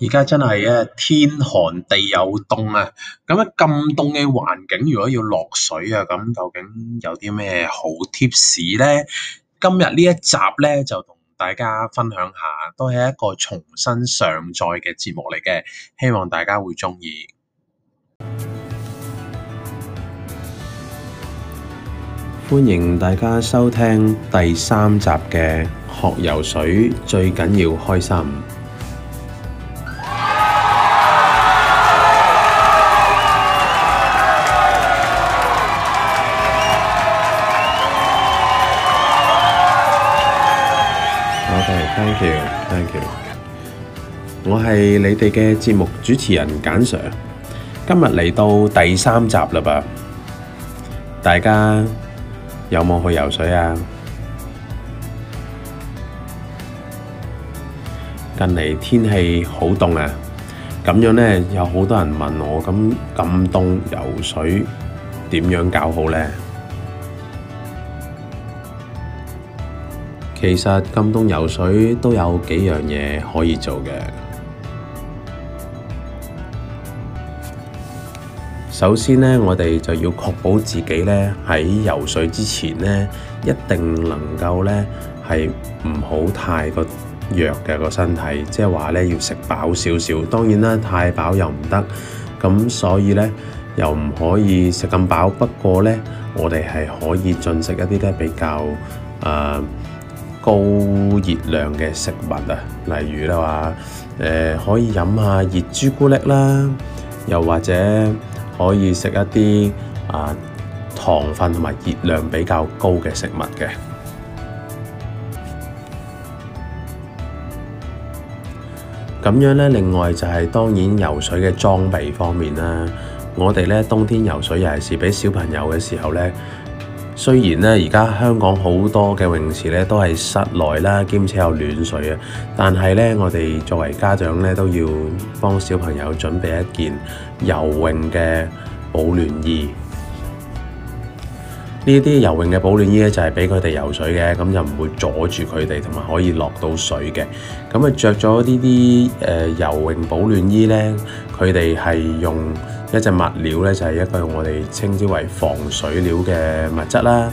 而家真係啊天寒地又凍啊！咁樣咁凍嘅環境，如果要落水啊，咁究竟有啲咩好貼士呢？今日呢一集咧就同大家分享下，都係一個重新上載嘅節目嚟嘅，希望大家會鍾意。歡迎大家收聽第三集嘅學游水，最緊要開心。係，Thank you，Thank you，我係你哋嘅節目主持人簡 Sir，今日嚟到第三集啦吧。大家有冇去游水啊？近嚟天氣好凍啊，咁樣呢，有好多人問我，咁咁凍游水點樣搞好呢？其實咁凍游水都有幾樣嘢可以做嘅。首先呢，我哋就要確保自己呢喺游水之前呢，一定能夠呢係唔好太過弱嘅個身體，即係話呢要食飽少少。當然啦，太飽又唔得，咁所以呢，又唔可以食咁飽。不過呢，我哋係可以進食一啲呢比較誒、呃高熱量嘅食物啊，例如咧話，誒、呃、可以飲下熱朱古力啦，又或者可以食一啲啊糖分同埋熱量比較高嘅食物嘅。咁樣呢，另外就係、是、當然游水嘅裝備方面啦。我哋呢冬天游水尤其是俾小朋友嘅時候呢。雖然呢，而家香港好多嘅泳池呢都係室內啦，兼且有暖水啊，但係呢，我哋作為家長呢都要幫小朋友準備一件游泳嘅保暖衣。呢啲游泳嘅保暖衣呢就係俾佢哋游水嘅，咁就唔會阻住佢哋，同埋可以落到水嘅。咁啊，着咗呢啲誒游泳保暖衣呢，佢哋係用。一隻物料咧就係一個我哋稱之為防水料嘅物質啦，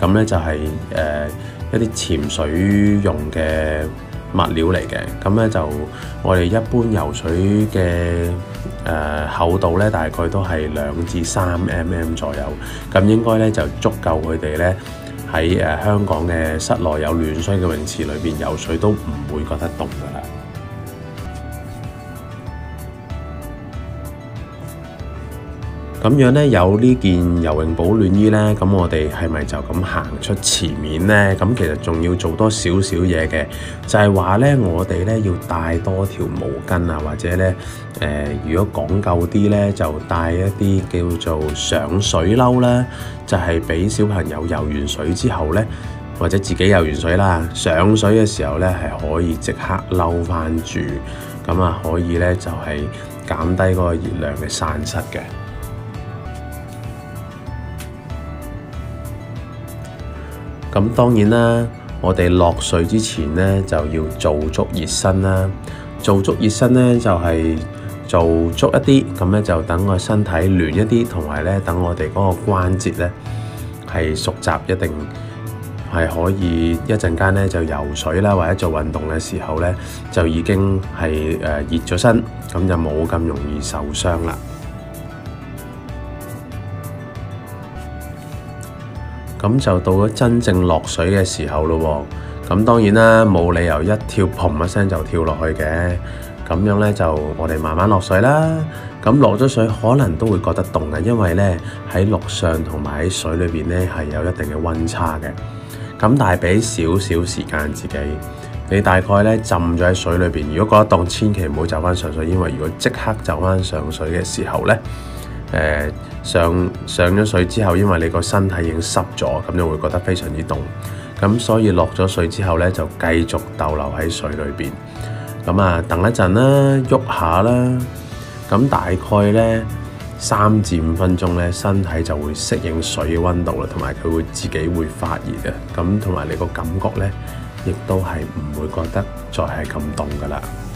咁咧就係、是、誒、呃、一啲潛水用嘅物料嚟嘅，咁咧就我哋一般游水嘅誒、呃、厚度咧大概都係兩至三 mm 左右，咁應該咧就足夠佢哋咧喺誒香港嘅室內有暖水嘅泳池裏邊游水都唔會覺得凍噶啦。咁樣咧，有呢件游泳保暖衣咧，咁我哋係咪就咁行出池面咧？咁其實仲要做多少少嘢嘅，就係話咧，我哋咧要帶多條毛巾啊，或者咧，誒、呃，如果講究啲咧，就帶一啲叫做上水褸啦，就係、是、俾小朋友游完水之後咧，或者自己游完水啦，上水嘅時候咧，係可以即刻摟翻住，咁啊可以咧就係、是、減低嗰個熱量嘅散失嘅。咁當然啦，我哋落水之前呢，就要做足熱身啦。做足熱身呢，就係做足一啲，咁呢，就等個身體暖一啲，同埋呢，等我哋嗰個關節呢係熟習，一定係可以一陣間呢，就游水啦，或者做運動嘅時候呢，就已經係誒熱咗身，咁就冇咁容易受傷啦。咁就到咗真正落水嘅時候咯喎，咁當然啦，冇理由一跳嘭一聲就跳落去嘅。咁樣呢，就我哋慢慢落水啦。咁落咗水可能都會覺得凍呀，因為呢，喺陸上同埋喺水裏邊呢，係有一定嘅溫差嘅。咁但係俾少少時間自己，你大概呢浸咗喺水裏邊，如果覺得凍，千祈唔好走翻上水，因為如果即刻走翻上水嘅時候呢。誒、呃、上上咗水之後，因為你個身體已經濕咗，咁就會覺得非常之凍。咁所以落咗水之後呢，就繼續逗留喺水裏邊。咁啊，等一陣啦，喐下啦。咁大概呢，三至五分鐘呢，身體就會適應水嘅溫度啦，同埋佢會自己會發熱嘅。咁同埋你個感覺呢，亦都係唔會覺得再係咁凍㗎喇。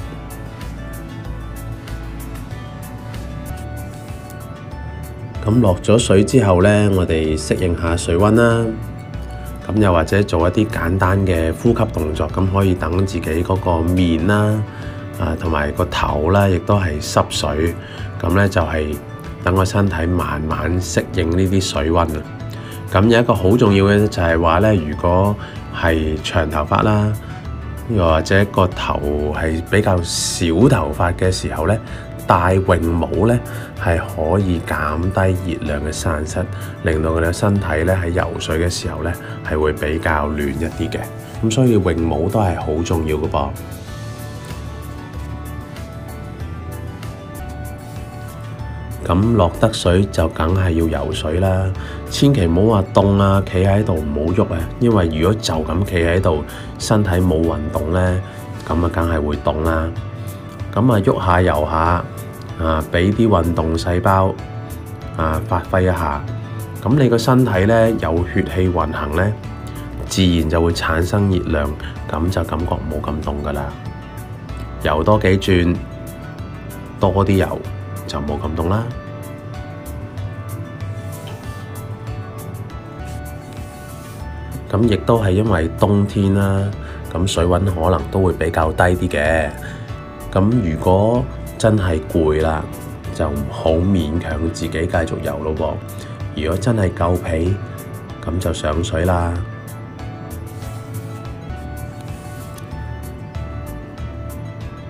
咁落咗水之後呢，我哋適應下水溫啦。咁又或者做一啲簡單嘅呼吸動作，咁可以等自己嗰個面啦，啊同埋個頭啦，亦都係濕水。咁呢，就係等個身體慢慢適應呢啲水溫。咁有一個好重要嘅就係話呢，如果係長頭髮啦，又或者個頭係比較少頭髮嘅時候呢。戴泳帽咧，係可以減低熱量嘅散失，令到佢哋身體咧喺游水嘅時候咧，係會比較暖一啲嘅。咁所以泳帽都係好重要嘅噃。咁落得水就梗係要游水啦，千祈唔好話凍啊！企喺度唔好喐啊，因為如果就咁企喺度，身體冇運動咧，咁啊梗係會凍啦。咁啊喐下游下。啊！俾啲運動細胞啊，發揮一下。咁你個身體呢，有血氣運行呢，自然就會產生熱量，咁就感覺冇咁凍㗎喇。游多幾轉，多啲油就冇咁凍啦。咁亦都係因為冬天啦，咁水溫可能都會比較低啲嘅。咁如果真係攰啦，就唔好勉強自己繼續游咯噃。如果真係夠皮，咁就上水啦。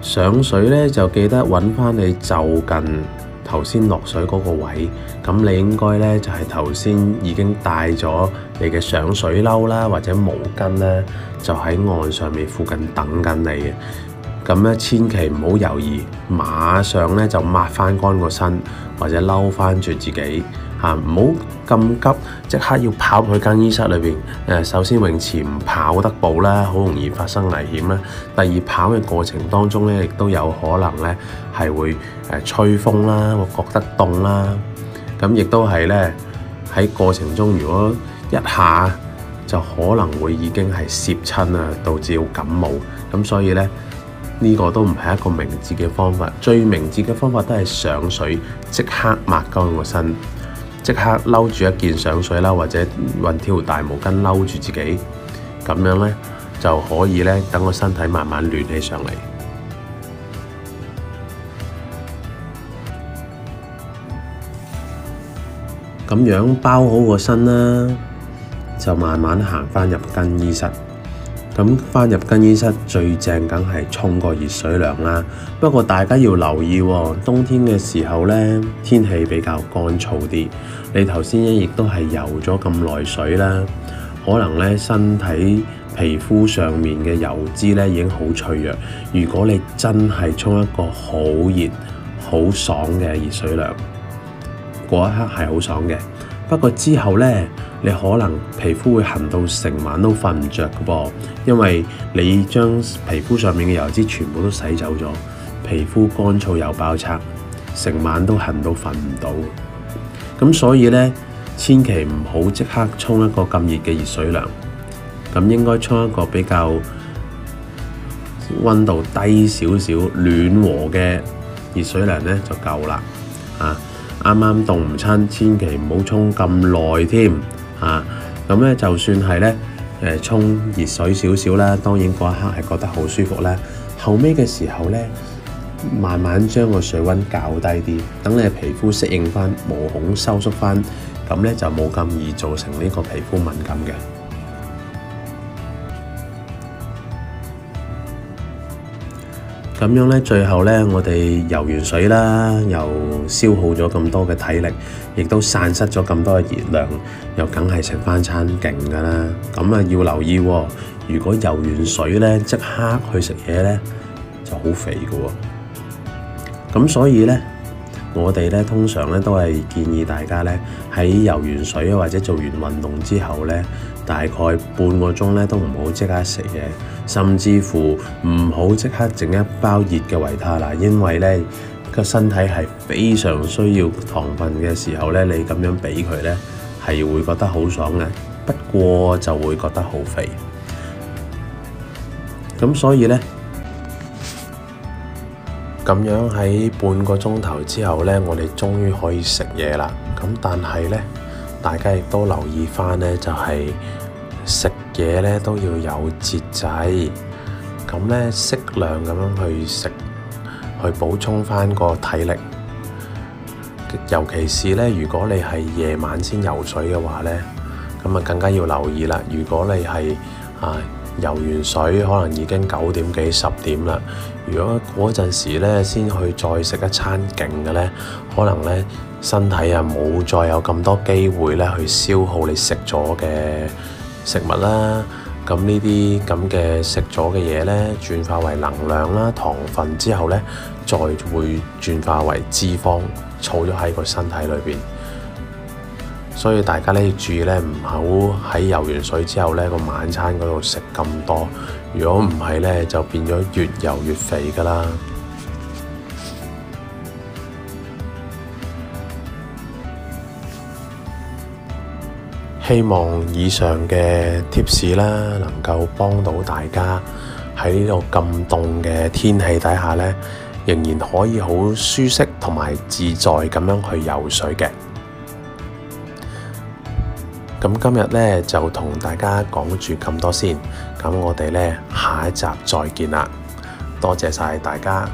上水咧就記得揾翻你就近頭先落水嗰個位。咁你應該咧就係頭先已經帶咗你嘅上水褸啦，或者毛巾咧，就喺岸上面附近等緊你嘅。咁咧，千祈唔好猶豫，馬上咧就抹翻乾個身，或者嬲翻住自己嚇，唔好咁急，即刻要跑去更衣室裏邊。誒，首先泳池唔跑得步啦，好容易發生危險啦。第二，跑嘅過程當中咧，亦都有可能咧係會誒吹風啦，覺得凍啦。咁亦都係咧喺過程中，如果一下就可能會已經係攝親啦，導致要感冒。咁所以咧。呢個都唔係一個明智嘅方法，最明智嘅方法都係上水，即刻抹乾個身，即刻攬住一件上水啦，或者揾條大毛巾攬住自己，咁樣咧就可以咧等個身體慢慢暖起上嚟。咁樣包好個身啦，就慢慢行返入更衣室。咁翻入更衣室最正梗係沖個熱水涼啦，不過大家要留意喎，冬天嘅時候咧，天氣比較乾燥啲，你頭先亦都係游咗咁耐水啦，可能咧身體皮膚上面嘅油脂咧已經好脆弱，如果你真係沖一個好熱好爽嘅熱水涼，嗰一刻係好爽嘅。不過之後呢，你可能皮膚會痕到成晚都瞓唔着嘅噃，因為你將皮膚上面嘅油脂全部都洗走咗，皮膚乾燥又爆拆，成晚都痕到瞓唔到。咁所以呢，千祈唔好即刻沖一個咁熱嘅熱水涼，咁應該沖一個比較温度低少少、暖和嘅熱水涼咧就夠啦，啊！啱啱凍唔親，千祈唔好衝咁耐添。就算係咧誒衝熱水少少啦，當然嗰一刻係覺得好舒服咧。後尾嘅時候咧，慢慢將個水温較低啲，等你皮膚適應翻，毛孔收縮翻，咁咧就冇咁易造成呢個皮膚敏感嘅。咁樣呢，最後呢，我哋游完水啦，又消耗咗咁多嘅體力，亦都散失咗咁多嘅熱量，又梗係食返餐勁㗎喇。咁啊，要留意喎，如果游完水呢，即刻去食嘢呢，就好肥㗎喎。咁所以呢，我哋呢，通常呢，都係建議大家呢，喺游完水或者做完運動之後呢，大概半個鐘呢，都唔好即刻食嘢。甚至乎唔好即刻整一包熱嘅維他奶，因為呢個身體係非常需要糖分嘅時候呢，你咁樣俾佢呢係會覺得好爽嘅，不過就會覺得好肥。咁所以呢，咁樣喺半個鐘頭之後呢，我哋終於可以食嘢啦。咁但係呢，大家亦都留意返呢，就係食嘢咧都要有節制，咁咧適量咁樣去食，去補充翻個體力。尤其是咧，如果你係夜晚先游水嘅話咧，咁啊更加要留意啦。如果你係啊游完水，可能已經九點幾十點啦。如果嗰陣時咧先去再食一餐勁嘅咧，可能咧身體啊冇再有咁多機會咧去消耗你食咗嘅。食物啦，咁呢啲咁嘅食咗嘅嘢呢，轉化為能量啦、糖分之後呢，再會轉化為脂肪，儲咗喺個身體裏邊。所以大家呢，要注意呢，唔好喺游完水之後呢，呢個晚餐嗰度食咁多。如果唔係呢，就變咗越游越肥噶啦。希望以上嘅貼士啦，能夠幫到大家喺呢度咁凍嘅天氣底下咧，仍然可以好舒適同埋自在咁樣去游水嘅。咁今日咧就同大家講住咁多先，咁我哋咧下一集再見啦，多謝晒大家。